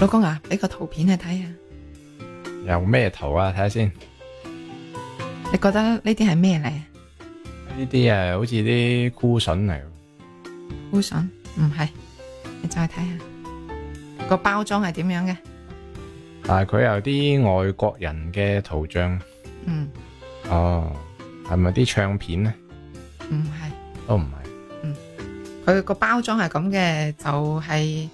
老公啊，俾個圖片你睇下。有咩圖啊？睇下先。你覺得呢啲係咩嚟？呢啲係好似啲菇筍嚟。菇筍？唔係，你再睇下個包裝係點樣嘅？但係佢有啲外國人嘅圖像。嗯。哦，係咪啲唱片咧？唔係。都唔係。嗯，佢個包裝係咁嘅，就係。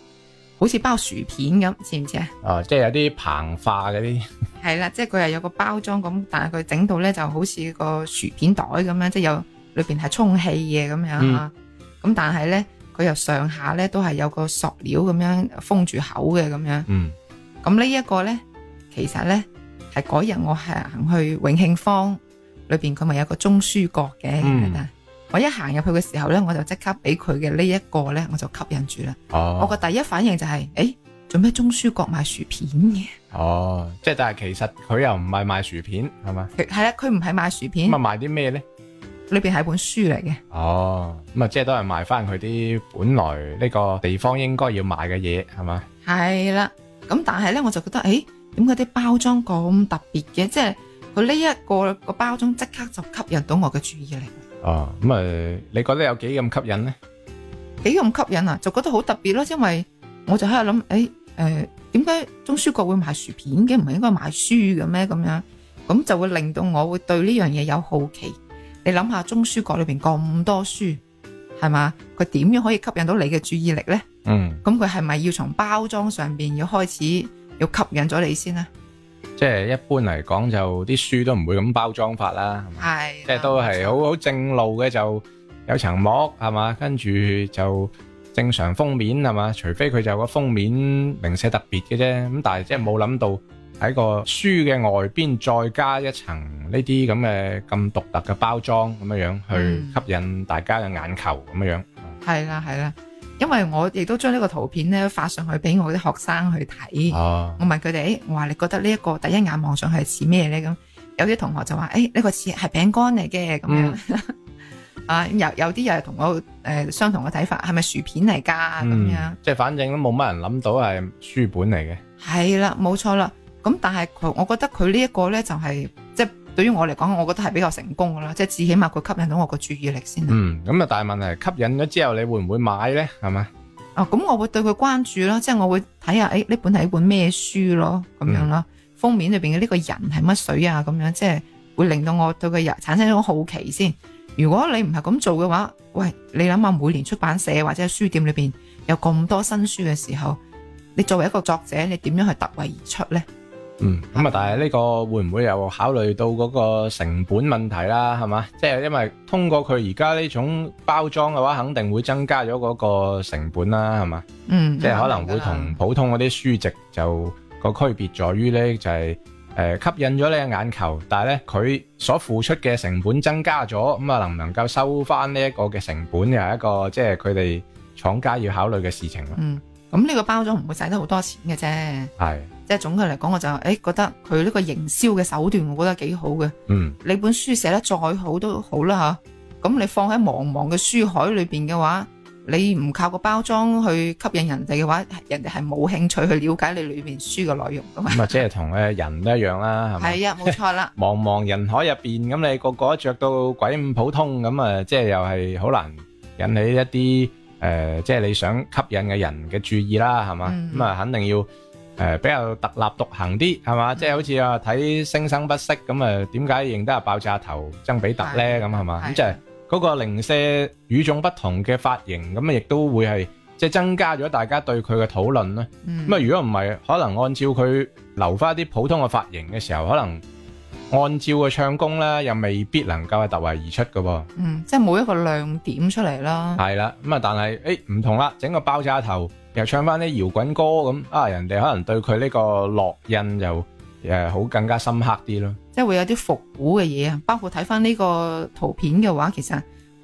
好似包薯片咁，知唔知？啊、哦？即係有啲膨化嗰啲。係啦，即係佢又有個包裝咁，但係佢整到咧就好似個薯片袋咁樣，即係有裏邊係充氣嘅咁樣啊。咁、嗯、但係咧，佢又上下咧都係有個塑料咁樣封住口嘅咁樣。嗯。咁呢一個咧，其實咧係嗰日我行去永慶坊裏邊，佢咪有個中書角嘅。係、嗯我一行入去嘅時候咧，我就即刻俾佢嘅呢一個咧，我就吸引住啦。哦！我個第一反應就係，誒，做咩中書閣賣薯片嘅？哦，即係但係其實佢又唔係賣薯片，係嘛？係啊，佢唔係賣薯片。咁啊，賣啲咩咧？裏邊係本書嚟嘅。哦，咁啊，即係都係賣翻佢啲本來呢個地方應該要賣嘅嘢，係嘛？係啦，咁但係咧，我就覺得，誒，點解啲包裝咁特別嘅？即係佢呢一個個包裝即刻就吸引到我嘅注意力。啊，咁誒、哦嗯，你覺得你有幾咁吸引呢？幾咁吸引啊？就覺得好特別咯、啊，因為我就喺度諗，誒、欸，誒、呃，點解中書局會賣薯片嘅？唔係應該賣書嘅咩？咁樣，咁就會令到我會對呢樣嘢有好奇。你諗下，中書局裏邊咁多書，係嘛？佢點樣可以吸引到你嘅注意力咧？嗯，咁佢係咪要從包裝上邊要開始要吸引咗你先呢？即係一般嚟講就啲書都唔會咁包裝法啦，係咪？啊、即係都係好好正路嘅，就有層膜，係嘛？跟住就正常封面係嘛？除非佢就個封面零舍特別嘅啫，咁但係即係冇諗到喺個書嘅外邊再加一層呢啲咁嘅咁獨特嘅包裝咁樣樣去吸引大家嘅眼球咁樣樣，係啦係啦。因為我亦都將呢個圖片咧發上去俾我啲學生去睇，啊、我問佢哋，我、哎、話你覺得呢一個第一眼望上去似咩咧？咁有啲同學就話，誒、哎、呢、呢個似係餅乾嚟嘅咁樣，嗯、啊有有啲又係同我誒、呃、相同嘅睇法，係咪薯片嚟噶咁樣？即係反正都冇乜人諗到係書本嚟嘅。係啦，冇錯啦。咁但係佢，我覺得佢呢一個咧就係、係、即係。對於我嚟講，我覺得係比較成功噶啦，即係至少起碼佢吸引到我個注意力先。嗯，咁啊，大問題吸引咗之後，你會唔會買咧？係嘛？啊、哦，咁我會對佢關注啦，即係我會睇下，誒呢本係一本咩書咯，咁樣啦，嗯、封面裏邊嘅呢個人係乜水啊，咁樣，即係會令到我對佢人產生一種好奇先。如果你唔係咁做嘅話，喂，你諗下每年出版社或者係書店裏邊有咁多新書嘅時候，你作為一個作者，你點樣去突圍而出咧？嗯，咁啊，但係呢個會唔會又考慮到嗰個成本問題啦？係嘛，即係因為通過佢而家呢種包裝嘅話，肯定會增加咗嗰個成本啦，係嘛，嗯，即係可能會同普通嗰啲書籍就個區別在於呢，就係誒吸引咗你嘅眼球，但係呢佢所付出嘅成本增加咗，咁啊能唔能夠收翻呢一個嘅成本又係一個即係佢哋廠家要考慮嘅事情咯。嗯，咁呢個包裝唔會使得好多錢嘅啫。係。即係總體嚟講，我就誒覺得佢呢個營銷嘅手段，我覺得幾好嘅。嗯，你本書寫得再好都好啦吓，咁你放喺茫茫嘅書海裏邊嘅話，你唔靠個包裝去吸引人哋嘅話，人哋係冇興趣去了解你裏面書嘅內容噶嘛？咁啊，即係同咧人都一樣啦，係咪？係啊，冇錯啦。茫茫人海入邊，咁你個個着到鬼咁普通，咁啊，即係又係好難引起一啲誒，即係你想吸引嘅人嘅注意啦，係嘛？咁啊，肯定要。誒、呃，比較特立獨行啲，係嘛？嗯、即係好似啊，睇聲生不息咁啊，點解認得阿爆炸頭曾比特咧？咁係嘛？咁吧的就係嗰個零舍與眾不同嘅髮型，咁啊，亦都會係即係增加咗大家對佢嘅討論啦。咁啊、嗯，如果唔係，可能按照佢留翻啲普通嘅髮型嘅時候，可能按照個唱功咧，又未必能夠係突圍而出噶。嗯，即係冇一個亮點出嚟啦。係啦，咁啊，但係誒，唔、欸、同啦，整個爆炸頭。又唱翻啲搖滾歌咁啊！人哋可能對佢呢個烙印又誒好更加深刻啲咯，即係會有啲復古嘅嘢啊！包括睇翻呢個圖片嘅話，其實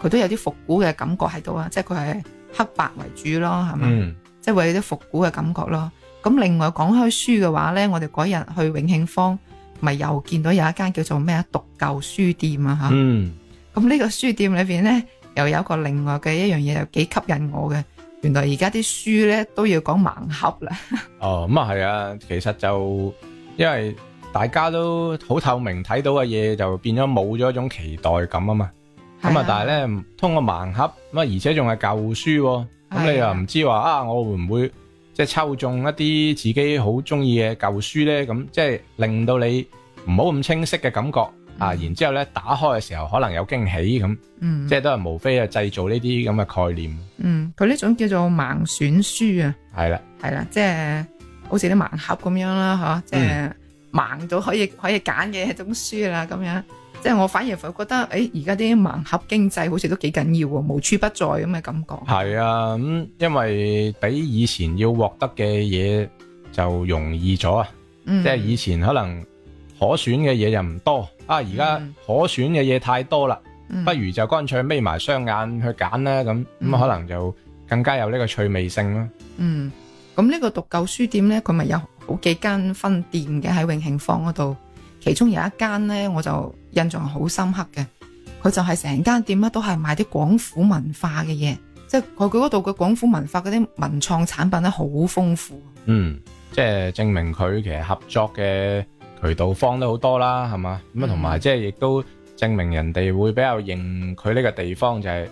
佢都有啲復古嘅感覺喺度啊！即係佢係黑白為主咯，係嘛？嗯，即係會有啲復古嘅感覺咯。咁另外講開書嘅話咧，我哋嗰日去永慶坊，咪又見到有一間叫做咩啊獨舊書店啊吓。嗯。咁呢個書店裏邊咧，又有一個另外嘅一樣嘢，又幾吸引我嘅。原來而家啲書咧都要講盲盒啦。哦，咁啊係啊，其實就因為大家都好透明睇到嘅嘢，就變咗冇咗一種期待感啊嘛。咁啊，但係咧通過盲盒，咁啊而且仲係舊書哦，咁啊，你又唔知話啊，我會唔會即係抽中一啲自己好中意嘅舊書咧？咁即係令到你唔好咁清晰嘅感覺。啊，然之後咧打開嘅時候可能有驚喜咁，嗯、即係都係無非係製造呢啲咁嘅概念。嗯，佢呢種叫做盲選書啊，係啦，係啦，即係好似啲盲盒咁樣啦，嚇，即係盲到可以可以揀嘅一種書啦，咁樣。即係我反而覺得，誒、哎，而家啲盲盒經濟好似都幾緊要喎，無處不在咁嘅感覺。係啊，咁、嗯、因為比以前要獲得嘅嘢就容易咗啊，嗯、即係以前可能。可選嘅嘢又唔多啊！而家可選嘅嘢太多啦，嗯、不如就乾脆眯埋雙眼去揀啦，咁咁、嗯、可能就更加有呢個趣味性啦。嗯，咁呢個讀舊書店呢，佢咪有好幾間分店嘅喺永慶坊嗰度，其中有一間呢，我就印象好深刻嘅，佢就係成間店咧都係賣啲廣府文化嘅嘢，即係佢佢嗰度嘅廣府文化嗰啲文創產品咧好豐富。嗯，即係證明佢其實合作嘅渠道方都好多啦，係嘛？咁啊，同埋即係亦都證明人哋會比較認佢呢個地方、就是，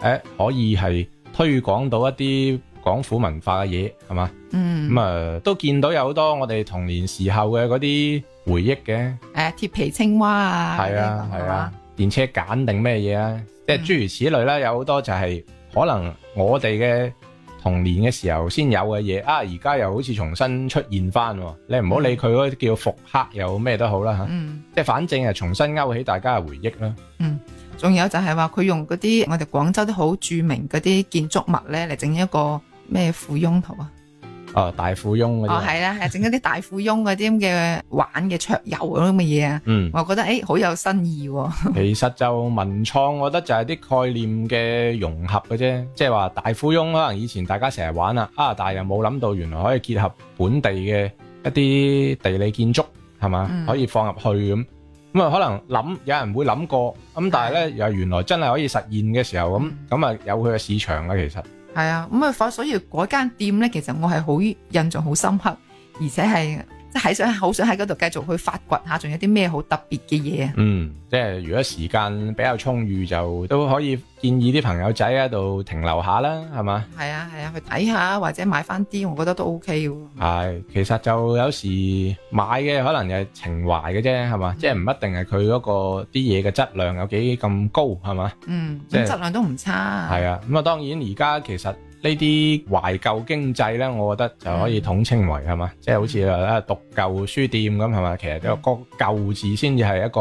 就、欸、係可以係推廣到一啲廣府文化嘅嘢，係嘛？嗯，咁啊、嗯呃、都見到有好多我哋童年時候嘅嗰啲回憶嘅，誒鐵、啊、皮青蛙啊，係啊係啊，電車揀定咩嘢啊，即係、嗯、諸如此類啦，有好多就係可能我哋嘅。童年嘅時候先有嘅嘢啊，而家又好似重新出現翻，你唔好理佢啲叫復刻又咩都好啦嚇，啊嗯、即係反正係重新勾起大家嘅回憶啦。嗯，仲有就係話佢用嗰啲我哋廣州啲好著名嗰啲建築物咧嚟整一個咩富翁圖啊？哦，大富翁嗰啲，哦係啦，係整嗰啲大富翁嗰啲咁嘅玩嘅桌遊嗰咁嘅嘢啊，嗯， 我覺得誒、哎、好有新意、哦。其實就文創，我覺得就係啲概念嘅融合嘅啫，即係話大富翁可能以前大家成日玩啦，啊，但係又冇諗到原來可以結合本地嘅一啲地理建築係嘛，嗯、可以放入去咁，咁啊可能諗有人會諗過，咁但係咧又原來真係可以實現嘅時候咁，咁啊有佢嘅市場啦，其實。係啊，咁啊，所以嗰間店咧，其實我係好印象好深刻，而且係。喺想好想喺嗰度繼續去發掘下，仲有啲咩好特別嘅嘢啊？嗯，即係如果時間比較充裕，就都可以建議啲朋友仔喺度停留下啦，係嘛？係啊，係啊，去睇下或者買翻啲，我覺得都 OK 喎。係，其實就有時買嘅可能係情懷嘅啫，係嘛？嗯，即係唔一定係佢嗰個啲嘢嘅質量有幾咁高，係嘛？嗯，即質量都唔差。係啊，咁啊當然而家其實。這些懷舊經濟呢啲懷舊經濟咧，我覺得就可以統稱為，係嘛，即係的、就是、好似啊讀舊書店咁係嘛，其實個個舊字先至係一個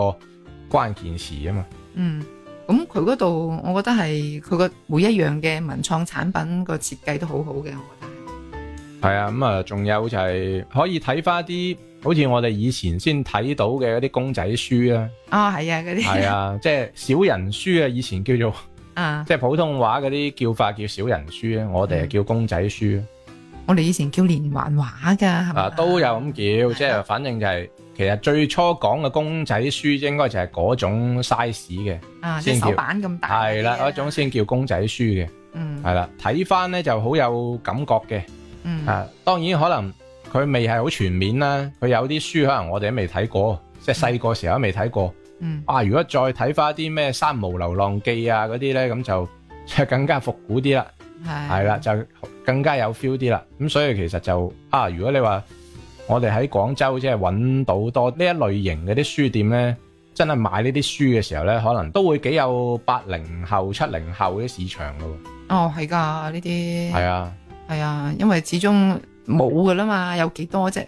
關鍵詞啊嘛嗯。嗯，咁佢嗰度，我覺得係佢個每一樣嘅文創產品個設計都好好嘅，我覺得。係啊，咁、嗯、啊，仲有就係可以睇翻啲，好似我哋以前先睇到嘅一啲公仔書、哦、是啊。那些，是啊，係啊，嗰啲係啊，即係小人書啊，以前叫做。啊！即係普通話嗰啲叫法叫小人書咧，我哋係叫公仔書。嗯、我哋以前叫連環畫噶，係咪啊？都有咁叫， 即係反正就係、是，其實最初講嘅公仔書應該就係嗰種 size 嘅，啊，即係叫手板咁大那。係啦，嗰種先叫公仔書嘅。嗯，係啦，睇翻咧就好有感覺嘅。嗯，啊，當然可能佢未係好全面啦，佢有啲書可能我哋都未睇過，嗯、即係細個時候都未睇過。嗯，哇、啊！如果再睇翻啲咩《三毛流浪記》啊嗰啲咧，咁就即係更加復古啲啦，係啦的，就更加有 feel 啲啦。咁所以其實就啊，如果你話我哋喺廣州即係揾到多呢一類型嗰啲書店咧，真係買呢啲書嘅時候咧，可能都會幾有八零後、七零後啲市場噶。哦，係㗎，呢啲係啊，係啊的的，因為始終冇㗎啦嘛，有幾多啫？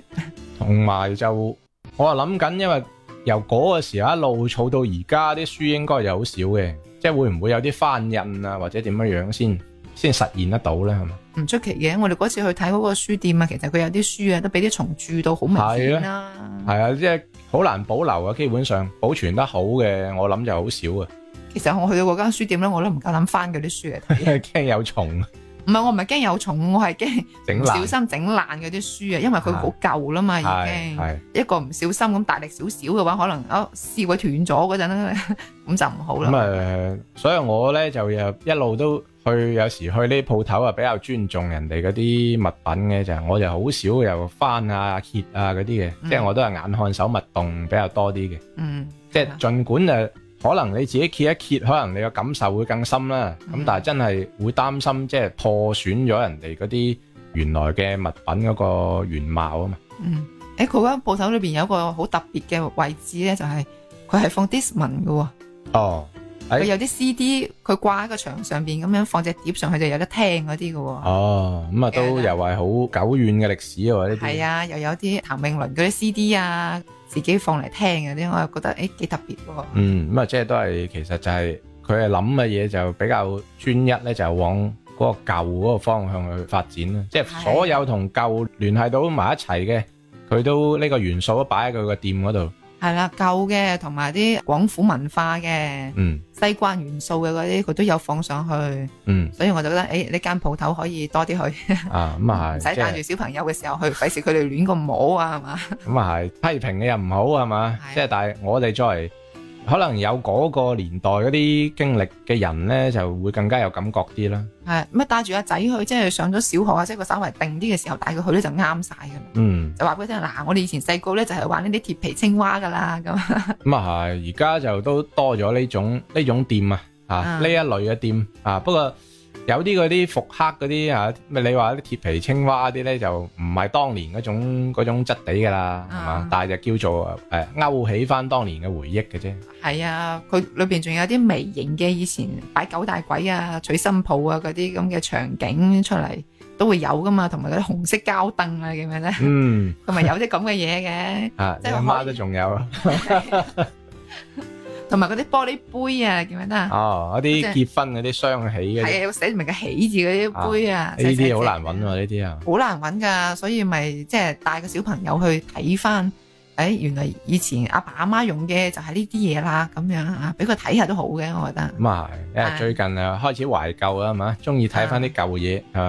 同埋就我話諗緊，因為。由嗰個時候一路儲到而家啲書應該就好少嘅，即係會唔會有啲翻印啊，或者點樣樣先先實現得到咧？係嘛？唔出奇嘅。我哋嗰次去睇嗰個書店啊，其實佢有啲書啊都俾啲蟲蛀到好明顯啦。係啊，係係即係好難保留啊，基本上保存得好嘅，我諗就好少啊。其實我去到嗰間書店咧，我都唔敢諗翻嗰啲書嚟睇，因為驚 怕有蟲蟲笑。唔係，我唔係驚有蟲，我係驚唔小心整爛嗰啲書啊！弄壞 因為佢好舊啦嘛，已經一個唔小心咁大力少少嘅話，可能啊撕鬼斷咗嗰陣咧，咁 就唔好啦。咁誒、嗯，所以我咧就又一路都去，有時去呢鋪頭啊，比較尊重人哋嗰啲物品嘅就，我就好少又翻啊、揭啊嗰啲嘅，嗯、即係我都係眼看手勿動比較多啲嘅。嗯，是即係儘管誒。可能你自己揭一揭，可能你嘅感受會更深啦。咁但係真係會擔心，即係破損咗人哋嗰啲原來嘅物品嗰個原貌啊嘛。嗯，誒，佢間鋪頭裏邊有一個好特別嘅位置咧，就係佢係放 Discman 嘅。哦，佢有啲 CD，佢掛喺個牆上邊，咁樣放隻碟上去就有得聽嗰啲嘅。哦，咁啊，都又係好久遠嘅歷史啊，呢啲。係啊，又有啲譚詠麟嗰啲 CD 啊。自己放嚟聽嗰啲，我又覺得誒幾特別，嗯。嗯，咁啊，即係都係，其實就係佢係諗嘅嘢就比較專一咧，就是，往嗰個舊嗰個方向去發展啦。嗯、即係所有同舊聯繫到埋一齊嘅，佢都呢、呢個元素都擺喺佢個店嗰度。係啦，舊嘅同埋啲廣府文化嘅，西關元素嘅嗰啲，佢都有放上去。嗯，所以我就覺得，誒，呢間鋪頭可以多啲去。啊，咁啊係，唔使帶住小朋友嘅時候去，費事佢哋亂咁摸啊，係嘛？咁啊係，批評你又唔好係嘛？即係但係我哋作為。可能有嗰個年代嗰啲經歷嘅人咧，就會更加有感覺啲啦。係，咁啊帶住阿仔去，即係上咗小學啊，即係個稍微定啲嘅時候帶佢去咧就啱晒㗎。嗯，就話畀佢聽嗱，我哋以前細個咧就係玩呢啲鐵皮青蛙㗎啦咁。咁啊係，而家就都多咗呢種呢種店啊，嚇呢一類嘅店啊，不過，有啲嗰啲復刻嗰啲啊，咩你話啲鐵皮青蛙啲咧就唔係當年嗰種嗰種質地噶啦，係嘛？但係就叫做誒勾起翻當年嘅回憶嘅啫。係啊，佢裏邊仲有啲微型嘅以前擺九大簋啊、娶新抱啊嗰啲咁嘅場景出嚟都會有噶嘛，同埋嗰啲紅色膠凳啊，咁樣咧？嗯，同埋有啲咁嘅嘢嘅。啊，你媽都仲有。的 同埋嗰啲玻璃杯啊，記唔記得啊？哦，一啲結婚嗰啲雙喜嘅，係啊，寫明個喜字嗰啲杯啊，呢啲好難揾啊，呢啲啊，好難揾㗎，所以咪即係帶個小朋友去睇翻，誒，原來以前阿爸阿媽用嘅就係呢啲嘢啦，咁樣啊，俾佢睇下都好嘅，我覺得。咁啊係，最近啊開始懷舊啊，係嘛，中意睇翻啲舊嘢係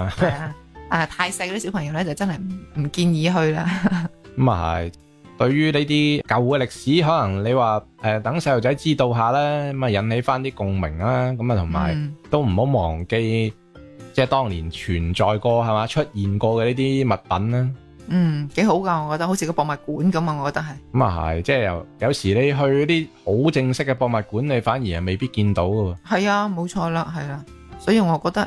嘛？啊，太細嗰啲小朋友咧就真係唔建議去啦。咁啊係。對於呢啲舊嘅歷史，可能你話誒、呃、等細路仔知道下啦，咁啊引起翻啲共鳴啦、啊，咁啊同埋都唔好忘記，即係當年存在過係嘛，出現過嘅呢啲物品啦？嗯，幾好噶，我覺得好似個博物館咁啊，我覺得係。咁啊係，即係有，有時你去啲好正式嘅博物館，你反而係未必見到噶。係啊，冇錯啦，係啦、啊。所以我覺得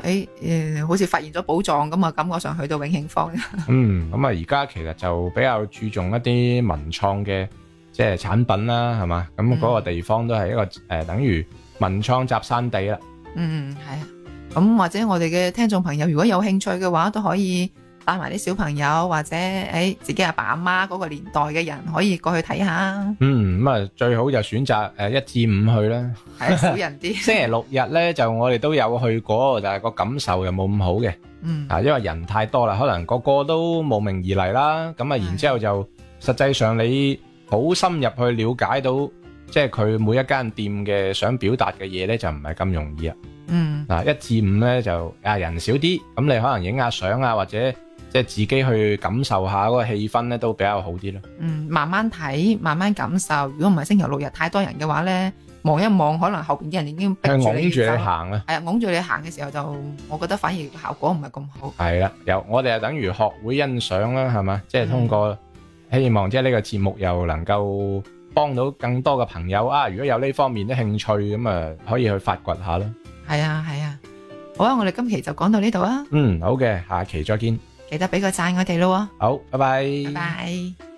誒，誒、哎，好似發現咗寶藏咁啊！感覺上去到永慶坊。嗯，咁啊，而家其實就比較注重一啲文創嘅即係產品啦，係嘛？咁嗰個地方都係一個誒、呃，等於文創集散地啦。嗯，係啊。咁或者我哋嘅聽眾朋友，如果有興趣嘅話，都可以。帶埋啲小朋友或者誒，自己阿爸阿媽嗰個年代嘅人可以過去睇下。嗯，咁啊，最好就選擇誒，一至五去啦，係少人啲。星期六日呢就我哋都有去過，但係個感受又冇咁好嘅。嗯，嗱，因為人太多啦，可能個個都慕名而嚟啦。咁啊，然之後就實際上你好深入去了解到，即係佢每一間店嘅想表達嘅嘢呢，就唔係咁容易啊。嗯，嗱，一至五呢就啊人少啲，咁你可能影下相啊或者。即係自己去感受下嗰個氣氛咧，都比較好啲咯。嗯，慢慢睇，慢慢感受。如果唔係星期六日太多人嘅話咧，望一望可能後邊啲人已經逼住你行啦。係啊，拱住你行嘅時候就，我覺得反而效果唔係咁好。係啊，有我哋啊等於學會欣賞啦，係嘛，即係通過，嗯、希望即係呢個節目又能夠幫到更多嘅朋友啊。如果有呢方面啲興趣，咁啊可以去發掘下啦。係啊，係啊，好啊，我哋今期就講到呢度啊。嗯，好嘅，下期再見。記得俾個讚我哋咯，好，拜拜，拜拜。